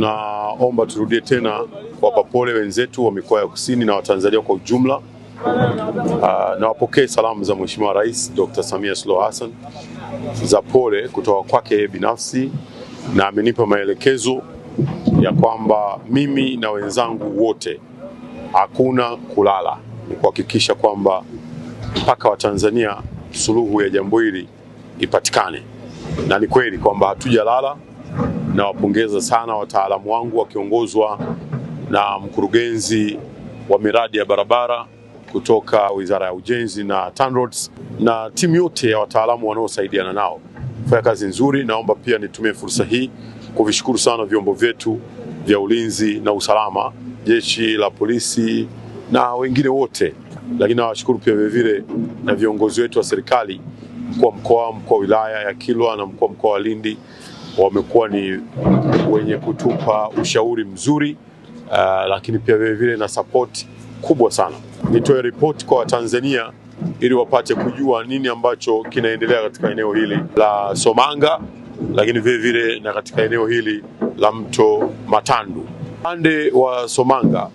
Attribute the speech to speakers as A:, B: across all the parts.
A: tunaomba turudie tena kuwapa pole wenzetu wa mikoa ya kusini na Watanzania kwa ujumla. Uh, ah, na wapokee salamu za Mheshimiwa Rais Dr. Samia Suluhu Hassan za pole kutoka kwake yeye binafsi, na amenipa maelekezo ya kwamba mimi na wenzangu wote hakuna kulala, ni kuhakikisha kwamba mpaka Watanzania suluhu ya jambo hili ipatikane, na ni kweli kwamba hatujalala. Nawapongeza sana wataalamu wangu wakiongozwa na mkurugenzi wa miradi ya barabara kutoka Wizara ya Ujenzi na TANROADS na timu yote ya wataalamu wanaosaidiana nao fanya kazi nzuri. Naomba pia nitumie fursa hii kuvishukuru sana vyombo vyetu vya ulinzi na usalama, jeshi la polisi na wengine wote, lakini nawashukuru pia vilevile na viongozi wetu wa serikali, mkuu wa mkoa, mkuu wa wilaya ya Kilwa na mkuu wa mkoa wa Lindi wamekuwa ni wenye kutupa ushauri mzuri uh, lakini pia vilevile na support kubwa sana. Nitoe ripoti kwa Watanzania ili wapate kujua nini ambacho kinaendelea katika eneo hili la Somanga, lakini vilevile na katika eneo hili la mto Matandu. Upande wa Somanga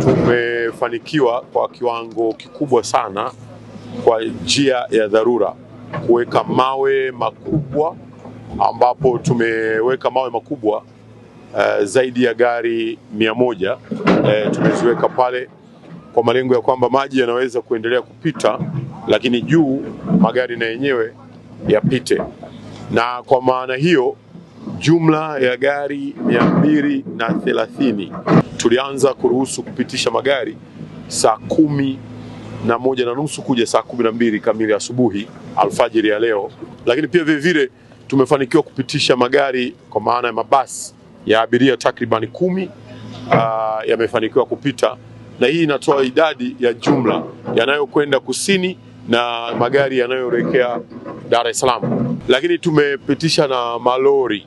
A: tumefanikiwa kwa kiwango kikubwa sana kwa njia ya dharura kuweka mawe makubwa ambapo tumeweka mawe makubwa uh, zaidi ya gari mia moja uh, tumeziweka pale kwa malengo ya kwamba maji yanaweza kuendelea kupita, lakini juu magari na yenyewe yapite, na kwa maana hiyo jumla ya gari mia mbili na thelathini tulianza kuruhusu kupitisha magari saa kumi na moja na nusu kuja saa kumi na mbili kamili asubuhi alfajiri ya leo, lakini pia vilevile tumefanikiwa kupitisha magari kwa maana ya mabasi ya abiria takriban kumi ah, yamefanikiwa kupita, na hii inatoa idadi ya jumla yanayokwenda kusini na magari yanayoelekea Dar es Salaam. Lakini tumepitisha na malori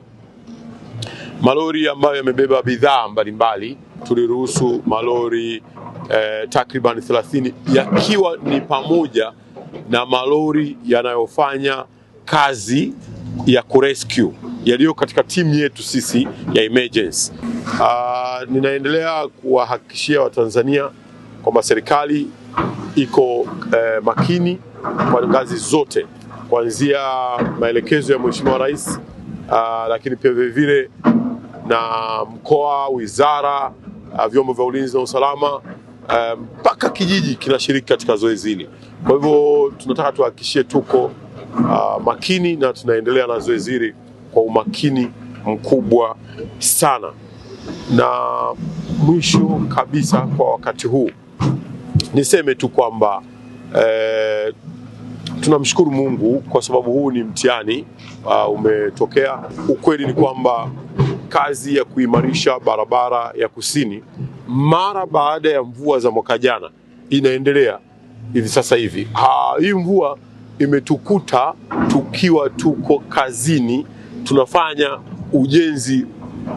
A: malori ambayo yamebeba bidhaa mbalimbali. Tuliruhusu malori eh, takriban 30 yakiwa ni pamoja na malori yanayofanya kazi ya kurescue yaliyo katika timu yetu sisi ya emergency. Uh, ninaendelea kuwahakikishia Watanzania kwamba serikali iko eh, makini kwa ngazi zote kuanzia maelekezo ya Mheshimiwa Rais uh, lakini pia vilevile na mkoa, wizara, uh, vyombo vya ulinzi na usalama eh, mpaka um, kijiji kinashiriki katika zoezi hili. Kwa hivyo tunataka tuhakikishie tuko uh, makini na tunaendelea na zoezi hili kwa umakini mkubwa sana. Na mwisho kabisa kwa wakati huu niseme tu kwamba eh, tunamshukuru Mungu kwa sababu huu ni mtihani uh, umetokea. Ukweli ni kwamba kazi ya kuimarisha barabara ya kusini mara baada ya mvua za mwaka jana inaendelea hivi sasa hivi. Ha, ah, hii mvua imetukuta tukiwa tuko kazini tunafanya ujenzi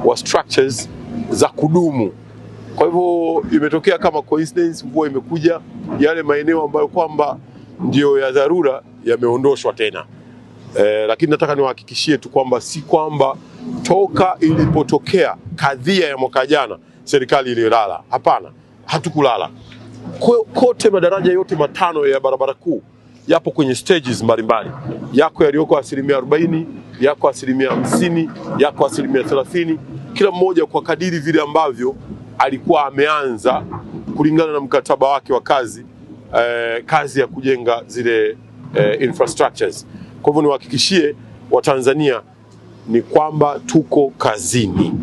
A: wa structures za kudumu. Kwa hivyo imetokea kama coincidence, mvua imekuja, yale maeneo ambayo kwamba ndio ya dharura yameondoshwa tena. Eh, lakini nataka niwahakikishie tu kwamba si kwamba toka ilipotokea kadhia ya mwaka jana serikali ililala. Hapana, hatukulala. Kote madaraja yote matano ya barabara kuu yapo kwenye stages mbalimbali, yako yaliyoko asilimia arobaini, yako asilimia hamsini, yako asilimia thelathini, kila mmoja kwa kadiri vile ambavyo alikuwa ameanza kulingana na mkataba wake wa kazi eh, kazi ya kujenga zile eh, infrastructures. Kwa hivyo niwahakikishie Watanzania ni kwamba tuko kazini.